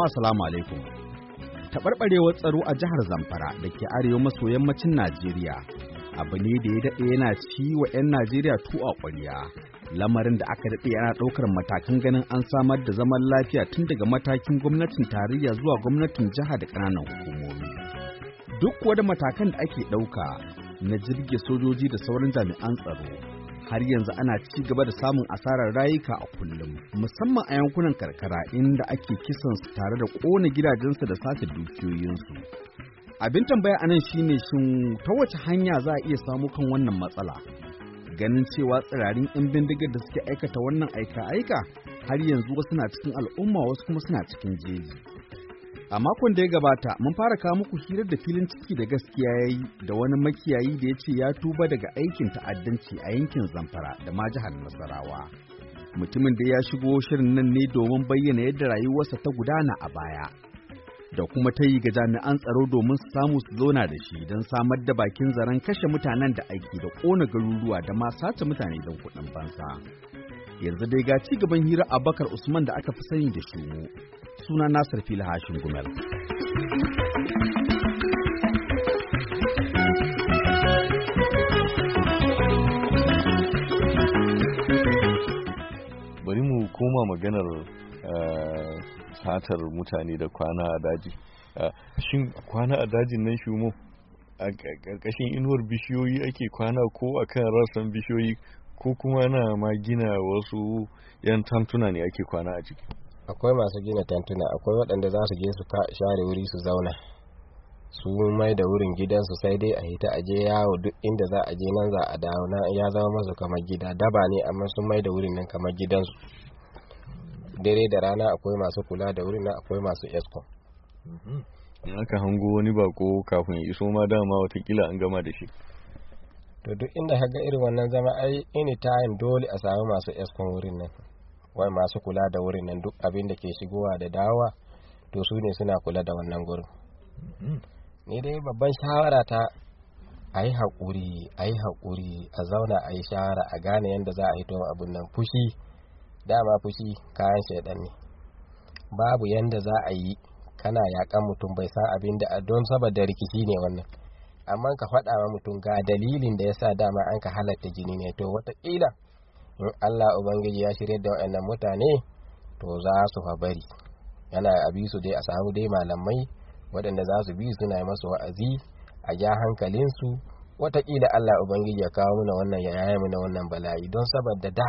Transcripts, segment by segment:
jama'a salamu alaikum taɓarɓarewar tsaro a jihar zamfara da ke arewa maso yammacin najeriya abu ne da ya daɗe yana ci wa 'yan najeriya tu a ƙwarya lamarin da aka daɗe yana ɗaukar matakan ganin an samar da zaman lafiya tun daga matakin gwamnatin tarayya zuwa gwamnatin jiha da ƙananan hukumomi duk wani matakan da ake ɗauka na jirgin sojoji da sauran jami'an tsaro har yanzu ana ci gaba da samun asarar rayuka a kullum musamman a yankunan karkara inda ake kisan su tare da ƙona gidajensu da sace dukiyoyinsu abin tambaya a nan shine shin ta wace hanya za a iya samu kan wannan matsala ganin cewa tsirarin 'yan bindigar da suke aikata wannan aika-aika har yanzu wasu na cikin al'umma wasu kuma suna cikin jeji A makon da ya gabata mun fara kawo muku hirar da filin ciki da gaskiya ya yi da wani makiyayi da ya ce ya tuba daga aikin ta'addanci a yankin Zamfara da ma jihar Nasarawa. Mutumin da ya shigo shirin nan ne domin bayyana yadda rayuwarsa ta gudana a baya. Da kuma ta yi ga jami'an tsaro domin su samu su zauna da shi don samar da bakin zaren kashe mutanen da aiki da kona garuruwa da ma sace mutane don kuɗin fansa. Yanzu dai ga ci gaban hira Abakar Usman da aka fi sani da Shumo. suna Nasir Fili Hashin Gumel. Bari mu koma maganar eh, satar mutane da kwana a daji. Eh, shin kwana a dajin nan shumo a ƙarƙashin inuwar bishiyoyi ake kwana ko a kan rassan bishiyoyi ko kuma na ma gina wasu 'yan tantuna ne ake kwana a ciki. akwai masu gina tantuna akwai waɗanda za su je su share wuri su zauna su mai da wurin gidansu sai dai a hita aje yawo duk inda za a je nan za a dawo na ya zama masu kamar gida daba ne amma sun mai da wurin nan kamar gidansu dare da rana akwai masu kula da wurin nan akwai masu esko mhm. ya aka hango wani bako kafin ya iso ma dama watakila an gama da shi to duk inda ka ga irin wannan zama ai anytime dole a samu masu eskon wurin nan wai masu kula da wurin nan duk abin da ke shigowa da dawa to su ne suna kula da wannan gurin mm-hmm. ni dai babban shawara ta a yi haƙuri a yi haƙuri a zauna a yi shawara a gane yadda za a hito abin nan fushi dama fushi kayan shaidan ne babu yadda za a yi kana yaƙan mutum bai sa abin da don saboda rikici ne wannan amma ka faɗa wa mutum ga dalilin da ya sa dama an ka halatta jini ne to wataƙila in Allah ubangiji ya shirya da waɗannan mutane to za su fa yana a bi su dai a samu dai malamai waɗanda za su bi suna masu wa'azi a ja hankalinsu watakila Allah ubangiji ya kawo mana wannan ya yaya mana wannan bala'i don saboda da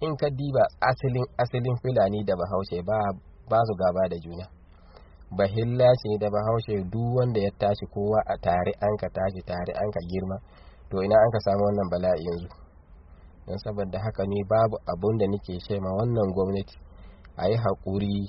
in ka diba asalin asalin filani da bahaushe ba ba su gaba da juna ce da bahaushe duk wanda ya tashi kowa a tare an ka tashi tare an ka girma to ina an ka samu wannan bala'i yanzu don saboda haka ne babu abun da nake ce ma wannan gwamnati a yi haƙuri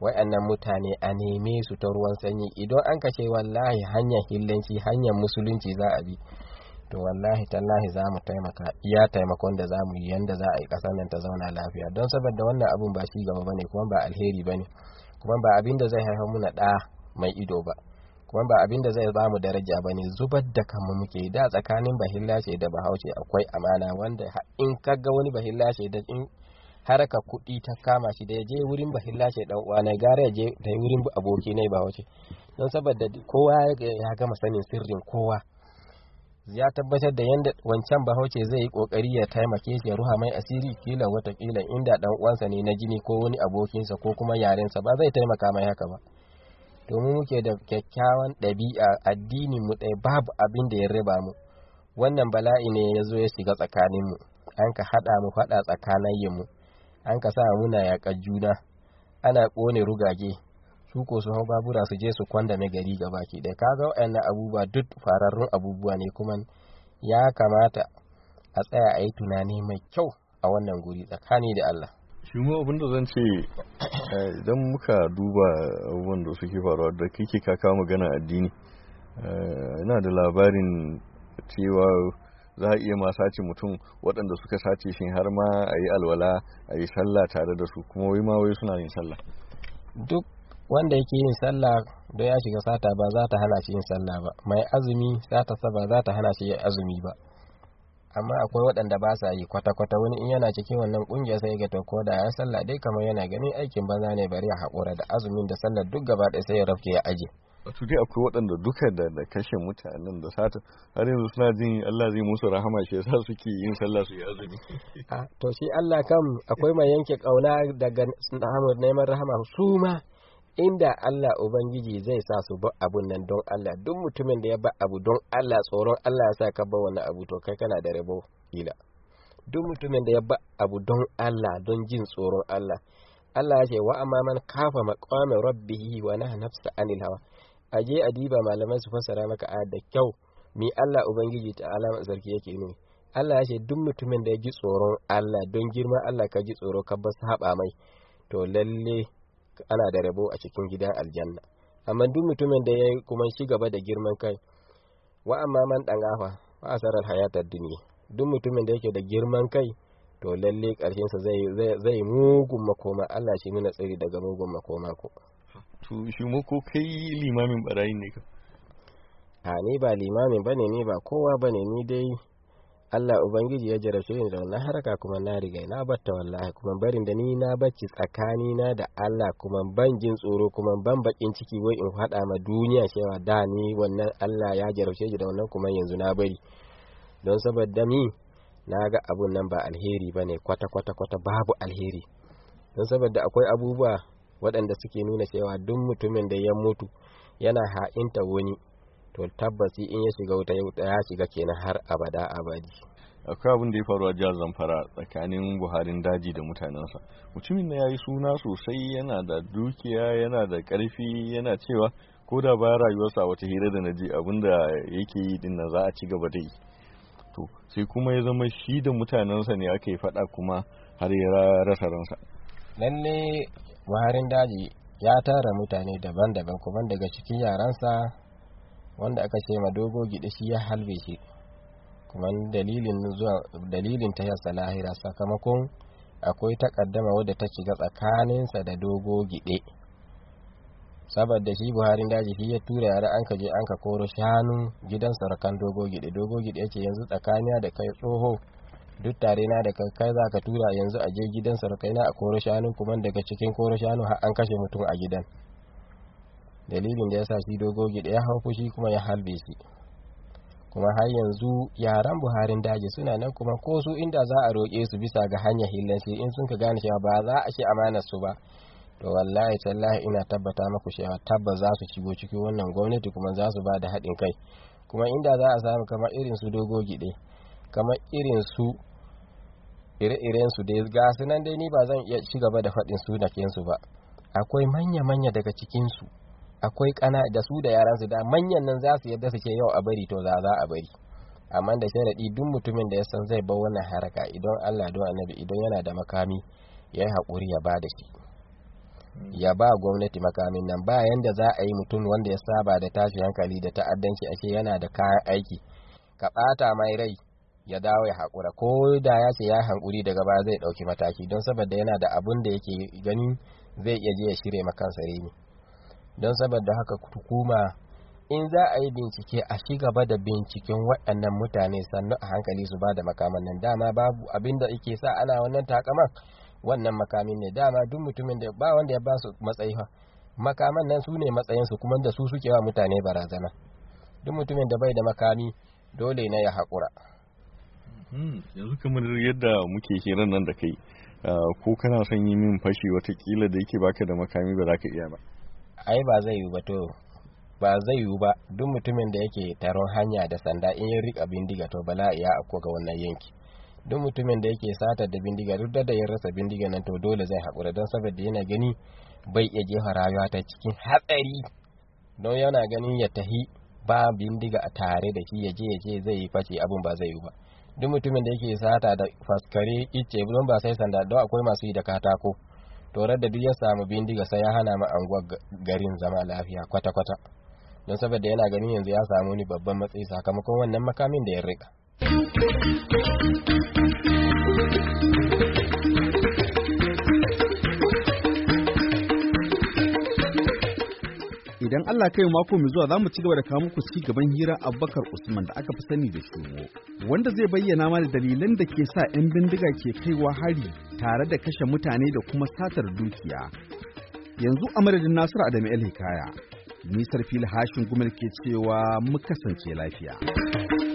wa'annan mutane a neme su ta ruwan sanyi idan an kashe wallahi hanyar hillanci hanyar musulunci za a bi to wallahi tallahi za mu taimaka iya taimakon da za mu yi yanda za a yi ƙasar nan ta zauna lafiya don saboda wannan abun ba shi gaba ba ne kuma ba alheri ba ne kuma ba abin da zai haifar muna ɗa mai ido ba kuma ba abin da zai bamu daraja ba ne zubar da kanmu muke da tsakanin bahillashe da bahaushe akwai amana wanda in ka ga wani bahillashe da in haraka kuɗi ta kama shi da ya je wurin bahillashe dan uwa na gara ya je da wurin aboki ne bahaushe don saboda kowa ya gama sanin sirrin kowa ya tabbatar da yadda wancan bahaushe zai yi kokari ya taimake shi ya ruha mai asiri kila watakila inda dan uwansa ne na jini ko wani abokinsa ko kuma yarensa ba zai taimaka mai haka ba domin muke da kyakkyawan ɗabi'a addini mu ɗaya babu abin da ya riba mu wannan bala'i ne ya zo ya shiga tsakanin mu an ka haɗa mu faɗa tsakanin mu an ka sa muna yaƙa juna ana ƙone rugage su ko su hau babura su je su kwanda na gari gaba baki ɗaya kaga waɗannan abubuwa duk fararrun abubuwa ne kuma ya kamata a tsaya a yi tunani mai kyau a wannan guri tsakani da Allah shi ma abin da zan ce eh, idan muka duba abubuwan da suke faruwa da ka kaka magana addini yana eh, da labarin cewa za a iya ma sace mutum waɗanda suka sace shi har ma a yi alwala a yi sallah tare da su kuma wai ma wai suna yin sallah duk wanda yake yin sallah da ya shiga sata ba za ta hana shi yin sallah ba mai azumi sata ba za ta hana shi azumi ba amma akwai waɗanda ba sa yi kwata-kwata wani in yana cikin wannan ƙungiyar sai ga to ko da ya sallah dai kamar yana ganin aikin banza ne bari a haƙura da azumin da sallar duk gaba ɗaya sai ya rafke ya aje wato dai akwai waɗanda duka da da kashe mutanen da sata har yanzu suna jin Allah zai musu rahama shi yasa suke yin sallah su yi azumi to shi Allah kam akwai mai yanke ƙauna daga neman rahama su ma inda Allah Ubangiji zai sa su ba abun nan don Allah duk mutumin da ya ba abu don Allah tsoron Allah ya sa ka ba wani abu to kai kana da rabo ila duk mutumin da ya ba abu don Allah don jin tsoron Allah Allah ya ce wa amma man kafa maqama rabbih wa naha nafsa anil hawa aje adiba malaman su fassara maka ayat da kyau mi Allah Ubangiji ta alama sarki yake ne Allah ya ce duk mutumin da ya ji tsoron Allah don girma Allah ka ji tsoro ka ba saba mai to lalle ana da rabo a cikin gidan aljanna amma duk mutumin da ya yi kuma shi gaba da girman kai wa amma man dan afa wa asarar hayatar duniya duk mutumin da yake da girman kai to lalle karshen sa zai zai mugun makoma Allah shi muna tsari daga mugun makoma ko to shi mu ko kai limamin barayin ne ka a ni ba limamin bane ni ba kowa bane ni dai Allah Ubangiji ya jarabce ni da wannan haraka kuma na riga na batta wallahi kuma barin da ni na bacci tsakani na da Allah kuma ban jin tsoro kuma ban bakin ciki wai in fada ma duniya cewa da ni wannan Allah ya jarabce ni da wannan kuma yanzu na bari don saboda mi na ga abun nan ba alheri ba ne kwata kwata kwata babu alheri don saboda akwai abubuwa waɗanda suke nuna cewa duk mutumin da ya mutu yana ha'inta wani to tabbaci in ya shiga wuta ya shiga kenan har abada abadi akwai abin da ya faru a jihar zamfara tsakanin buharin daji da mutanensa mutumin na ya yi suna sosai yana da dukiya yana da karfi yana cewa ko da ba rayuwarsa wata hira da naji abin da yake yi din na za a ci gaba da yi to sai kuma ya zama shi da mutanensa ne aka yi faɗa kuma har ya rasa ransa lalle buharin daji ya tara mutane daban-daban kuma daga cikin yaransa wanda aka ce ma dogo gida shi ya halbe shi kuma dalilin zuwa dalilin ta yasa lahira sakamakon akwai takaddama wadda ta shiga tsakaninsa da dogo gide saboda shi buharin daji shi ya tura yara an ka je an ka koro shanu gidan sarakan dogo gide dogo gide ya ce yanzu tsakaniya da kai tsoho duk tare na da kai za ka tura yanzu a je gidan sarakai a koro shanu kuma daga cikin koro shanu har an kashe mutum a gidan dalilin da ya sa shi dogogi da ya hau fushi kuma ya harbe shi kuma har yanzu yaran buharin daji suna nan kuma ko su inda za a roƙe su bisa ga hanyar shi in sun ka gane cewa ba za a ce amanar su ba to wallahi tallahi ina tabbata maku cewa tabba za su shigo cikin wannan gwamnati kuma za su ba da haɗin kai kuma inda za a samu kamar irin su dogo ɗai kamar irin su ire-iren su dai ga su nan dai ni ba zan iya ci gaba da faɗin sunakensu ba akwai manya-manya daga cikin su akwai kana da su da yaran su da manyan nan za su yadda su ce yau a bari to za za a bari amma da sharaɗi duk mutumin da ya san zai bar wannan haraka idan Allah don annabi idan yana da makami ya yi haƙuri ya ba da shi hmm. ya ba gwamnati makamin nan ba yanda za a yi mutum wanda ya saba da tashi hankali da ta'addanci ashe yana da kayan aiki ka ɓata mai rai ya dawo ya haƙura ko da ya ce ya hankuri daga baya zai ɗauki mataki don saboda yana da abun da yake gani zai iya je ya shirya makansa reni don saboda haka hukuma in za a yi bincike a ci gaba da binciken waɗannan mutane sannu a hankali su ba da makaman nan dama babu abin da ike sa ana wannan takaman wannan makamin ne dama duk mutumin da ba wanda ya ba su matsayi makaman nan su ne matsayinsu kuma da su suke wa mutane barazana duk mutumin da bai da makami dole ne ya haƙura hmm, yanzu kamar yadda muke hirar nan da kai ah, ko kana son yi min fashi watakila da yake baka da makami ba za ka iya ba ai ba zai yiwu ba to ba zai yiwu ba duk mutumin da yake taron hanya da sanda in ya rika bindiga to bala'i ya akwai ga wannan yanki duk mutumin da yake sata da bindiga duk da ya rasa bindiga nan to dole zai haƙura don saboda yana gani bai iya jefa rayuwa ta cikin hatsari don yana ganin ya tahi ba bindiga a tare da shi ya je ya je zai yi face abun ba zai yi ba duk mutumin da yake sata da faskare icce don ba sai sanda don akwai masu yi da katako to da duk ya samu bindiga sai ya hana ma anguwar garin zama lafiya kwata-kwata don saboda yana ganin yanzu ya samu ni babban matsayi sakamakon wannan makamin da ya rika Allah kai mako mai zuwa zamu mu ci gaba da kawo muku ci gaban hira Abubakar Usman da aka fi sani da Shugo, wanda zai bayyana mana dalilan da ke sa 'yan bindiga ke kaiwa hari tare da kashe mutane da kuma satar dukiya. Yanzu a madadin Nasiru Adamu El Hikaya, Nisar Fili Hashin Gumar ke cewa mu kasance lafiya.